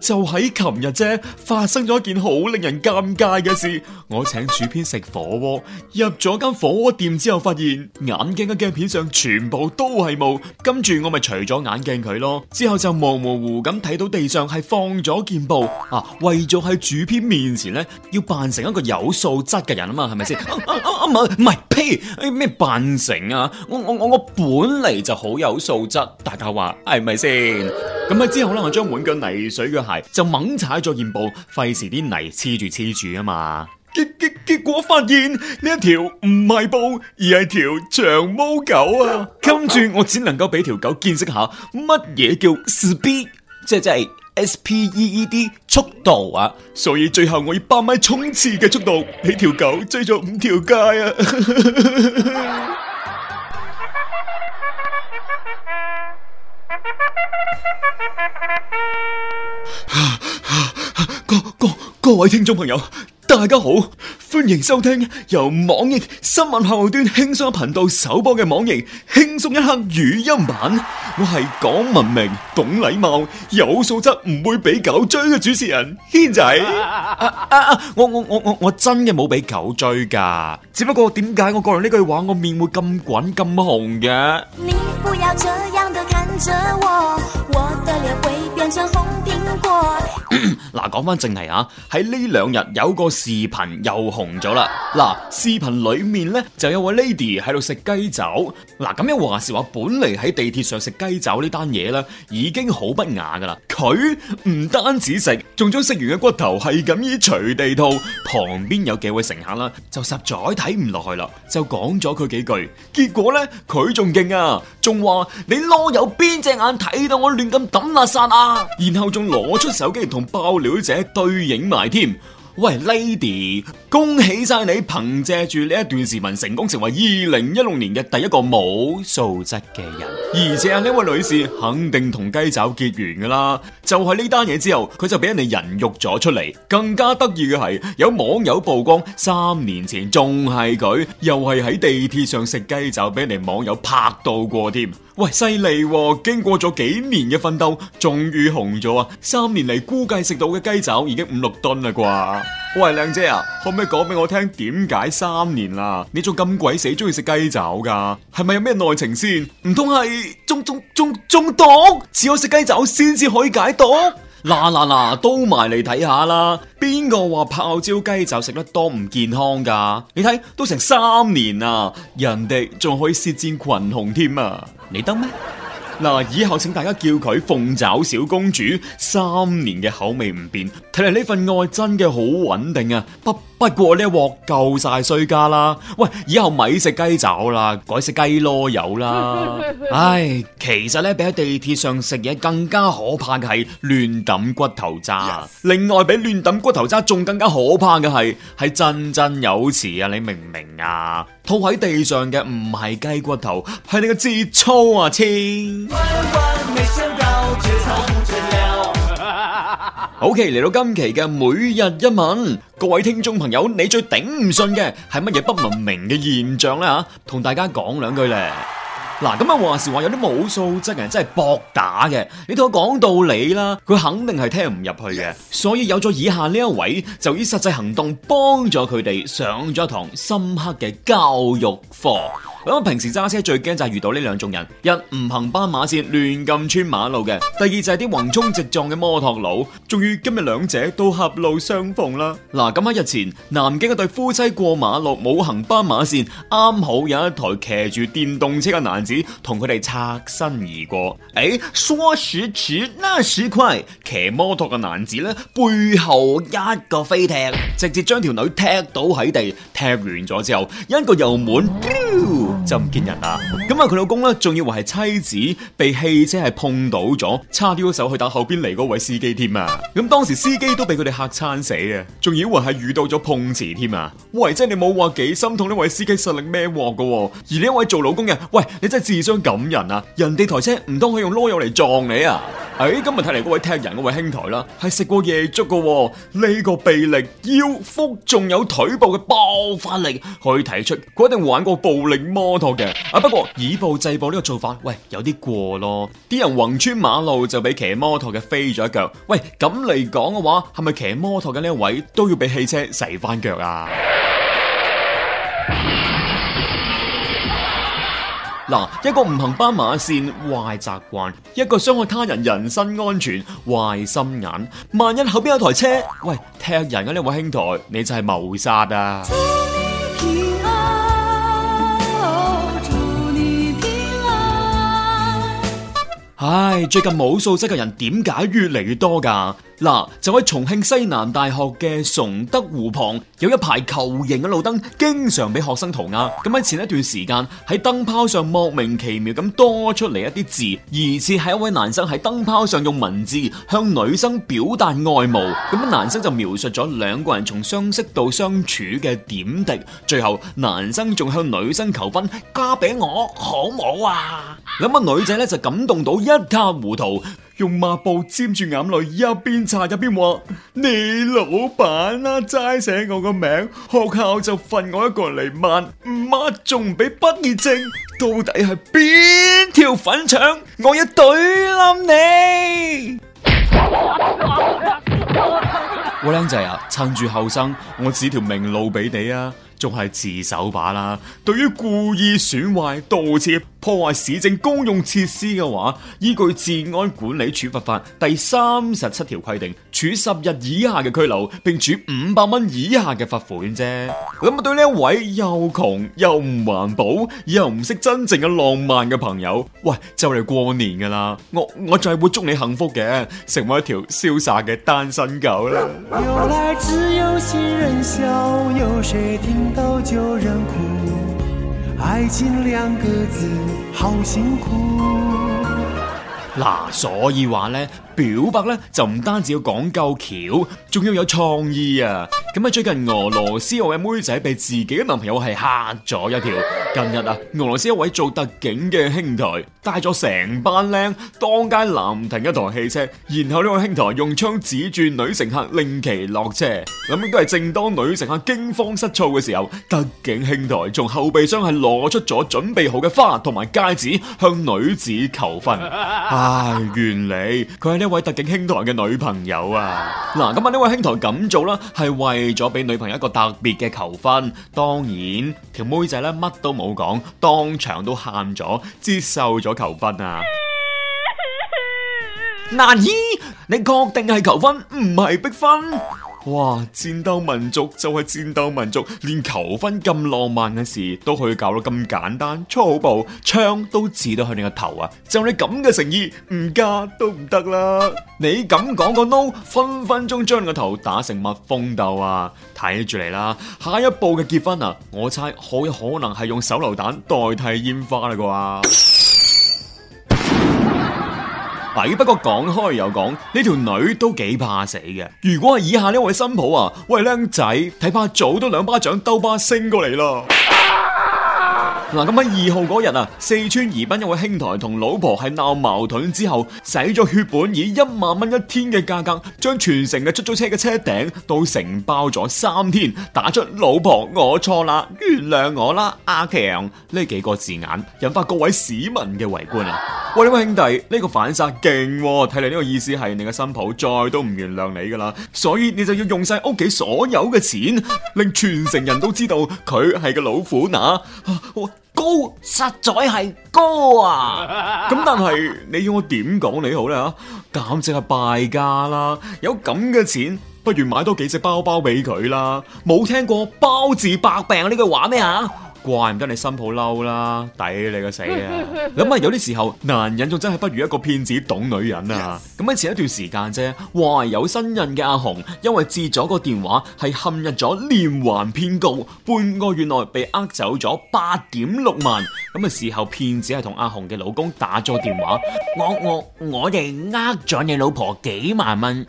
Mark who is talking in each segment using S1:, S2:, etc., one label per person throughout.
S1: 就喺琴日啫，發生咗一件好令人尷尬嘅事。我請主編食火鍋，入咗間火鍋店之後，發現眼鏡嘅鏡片上全部都係霧。跟住我咪除咗眼鏡佢咯，之後就模模糊咁睇到地上係放咗件布。啊，為咗喺主編面前咧，要扮成一個有素質嘅人啊嘛，係咪先？啊啊啊唔係，唔係，呸！咩扮成啊？我我我我本嚟就好有素質，大家話係咪先？是咁喺之後咧，我將滿腳泥水嘅鞋就猛踩咗件布，費事啲泥黐住黐住啊嘛。結結結果發現呢一條唔係布，而係條長毛狗啊。跟住我只能夠俾條狗見識下乜嘢叫 speed，即係即係 speed 速度啊。所以最後我以百米衝刺嘅速度，俾條狗追咗五條街啊！ 各位聽眾朋友，大家好，歡迎收聽由網易新聞客戶端輕鬆頻道首播嘅網易輕鬆一刻語音版。我係講文明、懂禮貌、有素質，唔會俾狗追嘅主持人軒仔。啊啊，我我我我我真嘅冇俾狗追㗎，只不過點解我講完呢句話，我面會咁滾咁紅嘅？你不要這樣嘅看著我，我嘅臉會變成紅蘋果。嗱，講翻正題啊！喺呢兩日有個視頻又紅咗啦。嗱，視頻裏面呢，就有位 lady 喺度食雞爪。嗱、啊，咁樣話時話，本嚟喺地鐵上食雞爪呢單嘢呢，已經好不雅噶啦。佢唔單止食，仲將食完嘅骨頭係咁意隨地吐。旁邊有幾位乘客啦，就實在睇唔落去啦，就講咗佢幾句。結果呢，佢仲勁啊，仲話你攞有邊隻眼睇到我亂咁抌垃圾啊？然後仲攞出手機同。爆料者對影埋添，喂，Lady。恭喜晒你！憑借住呢一段視頻，成功成為二零一六年嘅第一個冇素質嘅人。而且啊，呢位女士肯定同雞爪結緣噶啦，就係呢單嘢之後，佢就俾人哋人肉咗出嚟。更加得意嘅係，有網友曝光三年前仲係佢，又係喺地鐵上食雞爪，俾人哋網友拍到過添。喂，犀利哦！經過咗幾年嘅奮鬥，終於紅咗啊！三年嚟估計食到嘅雞爪已經五六噸啦啩？喂，靚姐啊，講俾我聽點解三年啦？你仲咁鬼死中意食雞爪噶？係咪有咩內情先？唔通係中中中中毒？只有食雞爪先至可以解毒？嗱嗱嗱，都埋嚟睇下啦！邊個話泡椒雞爪食得多唔健康噶？你睇都成三年啦，人哋仲可以舌戰群雄添啊！你得咩？嗱，以後請大家叫佢鳳爪小公主。三年嘅口味唔變，睇嚟呢份愛真嘅好穩定啊！不。不過呢鑊夠晒衰家啦！喂，以後咪食雞爪啦，改食雞囉柚啦！ 唉，其實呢，比喺地鐵上食嘢更加可怕嘅係亂抌骨頭渣。Yes. 另外，比亂抌骨頭渣仲更加可怕嘅係喺振振有詞啊！你明唔明啊？吐喺地上嘅唔係雞骨頭，係你個節操啊！千。 好嘅，Okay，嚟到今期嘅每日一問，各位聽眾朋友，你最頂唔順嘅係乜嘢不文明嘅現象呢？吓，同大家講兩句呢。嗱，咁啊話時話，有啲冇素質嘅人真係搏打嘅，你同我講道理啦，佢肯定係聽唔入去嘅，所以有咗以下呢一位就以實際行動幫咗佢哋上咗堂深刻嘅教育課。咁平時揸車最驚就係遇到呢兩種人，一唔行斑馬線亂咁穿馬路嘅，第二就係啲橫衝直撞嘅摩托佬，終於今日兩者都狹路相逢啦。嗱、啊，咁喺日前，南京一對夫妻過馬路冇行斑馬線，啱好有一台騎住電動車嘅男。同佢哋擦身而過，誒、欸，說時遲那時快，騎摩托嘅男子咧背後一個飛踢，直接將條女踢到喺地，踢完咗之後，一個油門就唔見人啦。咁啊，佢老公咧仲以為係妻子被汽車係碰到咗，差啲一手去打後邊嚟嗰位司機添啊。咁當時司機都俾佢哋吓慘死啊，仲以為係遇到咗碰瓷添啊。喂，即係你冇話幾心痛呢位司機實力咩鑊噶？而呢位做老公嘅，喂，你真智商感人啊！人哋台車唔通可以用囉柚嚟撞你啊！誒、哎，今日睇嚟嗰位踢人嗰位兄台啦，係食過夜粥噶、哦，呢、呢個臂力、腰腹仲有腿部嘅爆發力，可以提出佢一定玩過暴力摩托嘅。啊，不過以暴制暴呢個做法，喂，有啲過咯。啲人橫穿馬路就俾騎摩托嘅飛咗一腳。喂，咁嚟講嘅話，係咪騎摩托嘅呢一位都要俾汽車洗翻腳啊？嗱，一個唔行斑馬線，壞習慣；一個傷害他人人身安全，壞心眼。萬一後邊有台車，喂，踢人啊！呢位兄台，你就係謀殺啊！你啊你啊，唉，最近冇素質嘅人點解越嚟越多噶？嗱，就喺重慶西南大學嘅崇德湖旁，有一排球形嘅路燈，經常俾學生塗鴉。咁喺前一段時間，喺燈泡上莫名其妙咁多出嚟一啲字，疑似係一位男生喺燈泡上用文字向女生表達愛慕。咁樣，男生就描述咗兩個人從相識到相處嘅點滴，最後男生仲向女生求婚：嫁俾我好唔好啊？咁啊，女仔咧就感動到一塌糊塗。用抹布沾住眼淚，一邊擦一邊話：你老闆啦，啊，齋寫我個名，學校就罰我一個人嚟抹，抹仲唔俾畢業證？到底係邊條粉腸？我一懟冧你！我靚仔啊，趁住後生，我指條明路俾你啊，仲係自首把啦。對於故意損壞、盜竊。破壞市政公用設施嘅話，依據治安管理處罰法第三十七條規定，處十日以下嘅拘留，並處五百蚊以下嘅罰款啫。咁啊， 對呢一位又窮又唔環保又唔識真正嘅浪漫嘅朋友，喂，就嚟過年噶啦，我我就係會祝你幸福嘅，成為一條瀟灑嘅單身狗啦。
S2: 由來只有新人笑，有誰聽到舊人哭。愛情兩個字好
S1: 辛苦嗱，所以話咧。表白咧就唔單止要講究橋，仲要有創意啊！咁啊，最近俄羅斯有位妹仔被自己嘅男朋友係嚇咗一跳。近日啊，俄羅斯一位做特警嘅兄台帶咗成班僆當街攔停一台汽車，然後呢個兄台用槍指住女乘客令其落車。咁應該係正當女乘客驚慌失措嘅時候，特警兄台從後備箱係攞出咗準備好嘅花同埋戒指向女子求婚。唉，原來佢係呢。位特警兄台嘅女朋友啊，嗱，咁啊呢位兄台咁做啦，係為咗俾女朋友一個特別嘅求婚，當然條妹仔呢乜都冇講，當場都喊咗，接受咗求婚啊！ 難以，你確定係求婚唔係逼婚？哇！戰鬥民族就係戰鬥民族，連求婚咁浪漫嘅事都可以搞到咁簡單，粗暴，槍都指到佢哋個頭啊！就你咁嘅誠意，唔嫁都唔得啦！你咁講個孬、no，分分鐘將你個頭打成蜜蜂竇啊！睇住嚟啦，下一步嘅結婚啊，我猜好有可能係用手榴彈代替煙花啦，啩！不過講開又講，呢條女都幾怕死嘅。如果係以下呢位新抱啊，喂，靚仔，睇怕早都兩巴掌兜巴星過嚟啦。嗱、啊，咁喺二號嗰日啊，四川宜賓一位兄台同老婆係鬧矛盾之後，使咗血本以一萬蚊一天嘅價格，將全城嘅出租車嘅車,車頂都承包咗三天，打出老婆我錯啦，原諒我啦，阿強呢幾個字眼，引發各位市民嘅圍觀啊。啊喂，呢位兄弟，呢、個反殺勁、哦，睇嚟呢個意思係你嘅新抱再都唔原諒你噶啦，所以你就要用晒屋企所有嘅錢，令全城人都知道佢係個老虎乸、啊啊，高實在係高啊！咁但係你要我點講你好咧吓、啊，簡直係敗家啦！有咁嘅錢，不如買多幾隻包包俾佢啦！冇聽過包治百病呢、啊、句、這個、話咩吓、啊？怪唔得你新抱嬲啦，抵你個死啊！諗下 有啲時候男人仲真係不如一個騙子懂女人啊！咁喺前一段時間啫，懷有新人嘅阿紅，因為接咗個電話係陷入咗連環騙局，半個月內被呃走咗八點六萬。咁啊事後，騙子係同阿紅嘅老公打咗電話，我我我哋呃咗你老婆幾萬蚊，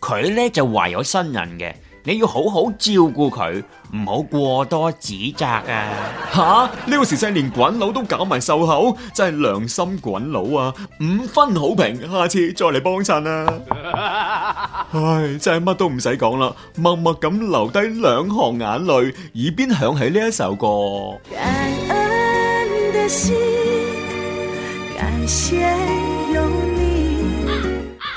S1: 佢呢就懷有新人嘅。你要好好照顧佢，唔好過多指責啊！吓，呢個時勢連滾佬都搞埋售後，真係良心滾佬啊！五分好評，下次再嚟幫襯啊！唉，真係乜都唔使講啦，默默咁留低兩行眼淚，耳邊響起呢一首歌。感恩的心，感謝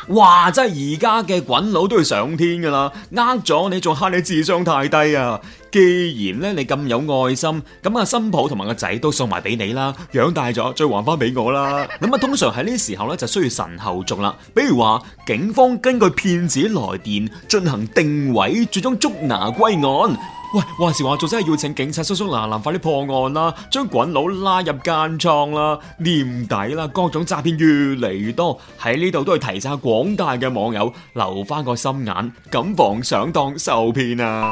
S1: 哇！真係而家嘅滾佬都要上天噶啦，呃咗你仲蝦你智商太低啊！既然咧你咁有愛心，咁啊新抱同埋個仔都送埋俾你啦，養大咗再還翻俾我啦。咁啊 通常喺呢時候咧就需要神後續啦，比如話警方根據騙子來電進行定位，最終捉拿歸案。喂，話時話做真係要請警察叔叔，嗱嗱快啲破案啦，啊，將滾佬拉入監倉啦，墊底啦，啊，各種詐騙越嚟越多，喺呢度都係提醒下廣大嘅網友留翻個心眼，謹防上當受騙啊！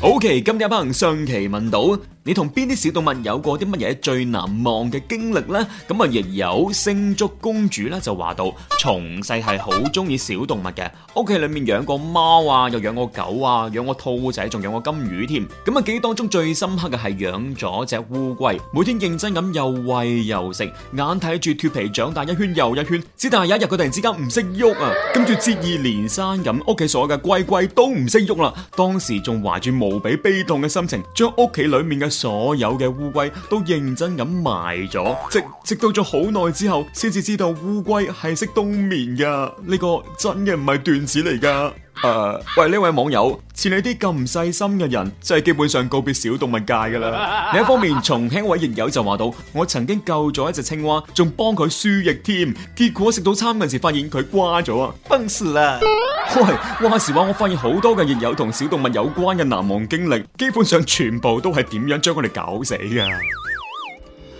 S1: 好，期今日一匹，上期問到，你同邊啲小動物有過啲乜嘢最難忘嘅經歷呢？咁啊，亦有星竹公主咧就話到，從細係好中意小動物嘅，屋企裏面養過貓啊，又養過狗啊，養過兔仔，仲養過金魚添。咁啊，記憶當中最深刻嘅係養咗隻烏龜，每天認真咁又餵又食，眼睇住脫皮長大一圈又一圈。只但係有一日佢突然之間唔識喐啊，跟住接二連三咁，屋企所有嘅龜龜都唔識喐啦。當時仲懷住無比悲痛嘅心情，將屋企裏面嘅。所有嘅烏龜都認真咁埋咗，直直到咗好耐之後，先至知道烏龜係識冬眠㗎。呢個真嘅唔係段子嚟㗎。誒，uh, 喂，呢位網友，似你啲咁細心嘅人，即、就、係、是、基本上告別小動物界噶啦。 另一方面，從輕位亦友就話到，我曾經救咗一隻青蛙，仲幫佢輸液添，結果食早餐嗰陣時發現佢瓜咗啊，崩屍啦！喂，話時話，我發現好多嘅亦友同小動物有關嘅難忘經歷，基本上全部都係點樣將佢哋搞死噶。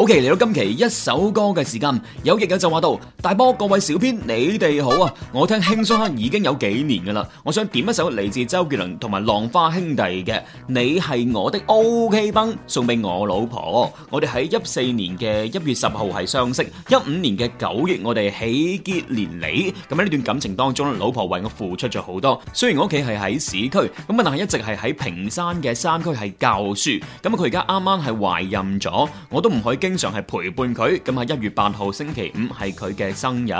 S1: 好嘅，嚟、okay, 到今期一首歌嘅時間，有亦有就話到，大波各位小編，你哋好啊！我聽輕鬆黑已經有幾年噶啦，我想點一首嚟自周杰倫同埋浪花兄弟嘅《你係我的 O.K. 繃》，送俾我老婆。我哋喺一四年嘅一月十號係相識，一五年嘅九月我哋喜結連理。咁喺呢段感情當中，老婆為我付出咗好多。雖然我屋企係喺市區，咁啊，但係一直係喺坪山嘅山區係教書。咁佢而家啱啱係懷孕咗，我都唔可以經。經常係陪伴佢，咁喺一月八號星期五係佢嘅生日。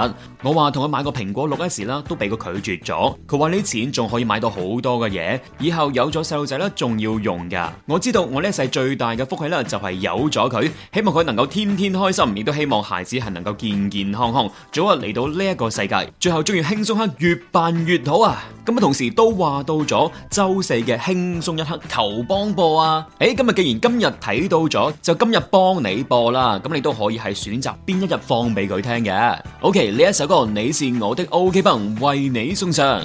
S1: 我話同佢買個蘋果六 S 啦，都俾佢拒絕咗。佢話呢啲錢仲可以買到好多嘅嘢，以後有咗細路仔咧仲要用噶。我知道我呢一世最大嘅福氣咧就係、是、有咗佢，希望佢能夠天天開心，亦都希望孩子係能夠健健康康，早日嚟到呢一個世界。最後仲要輕鬆一刻，越辦越好啊！咁啊，同時都話到咗周四嘅輕鬆一刻，求幫播啊！誒，今日既然今日睇到咗，就今日幫你。播啦，咁你都可以係選擇邊一日放俾佢聽嘅。O K，呢一首歌你是我的 O K 繃，為你送上。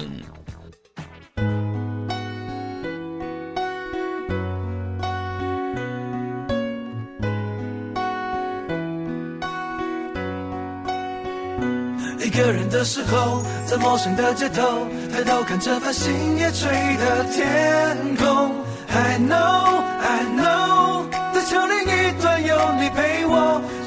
S2: 一個人的時候，在陌生的街頭，抬頭看着繁星也綴的天空。I know, I know。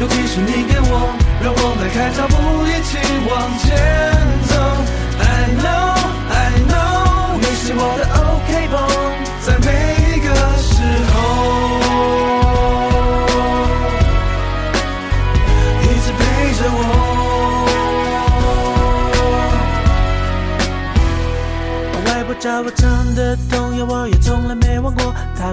S2: 尤其是你給我，讓我邁開腳步，一起往前。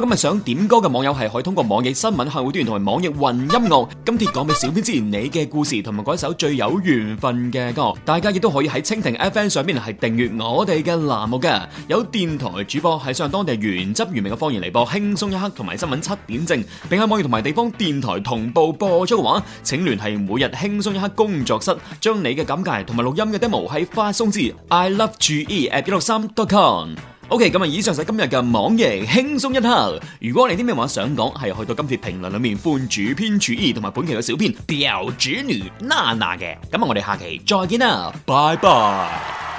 S1: 今日想點歌嘅網友係可以通過網易新聞客戶端同埋網易雲音樂，今次講俾小編之前你嘅故事同埋嗰一首最有緣分嘅歌，大家亦都可以喺蜻蜓 FM 上邊係訂閱我哋嘅欄目嘅，有電台主播喺上當地原汁原味嘅方言嚟播輕鬆一刻同埋新聞七點正，並喺網易同埋地方電台同步播出嘅話，請聯繫每日輕鬆一刻工作室，將你嘅簡介同埋錄音嘅 demo 喺發送至 i love ge at 六三 dot com。O K，咁啊，okay，以上就係今日嘅網易輕鬆一刻。如果你啲咩話想講，係去到今次評論裏面，歡主編主兒同埋本期嘅小編表主女娜娜嘅。咁啊，我哋下期再見啦，拜拜。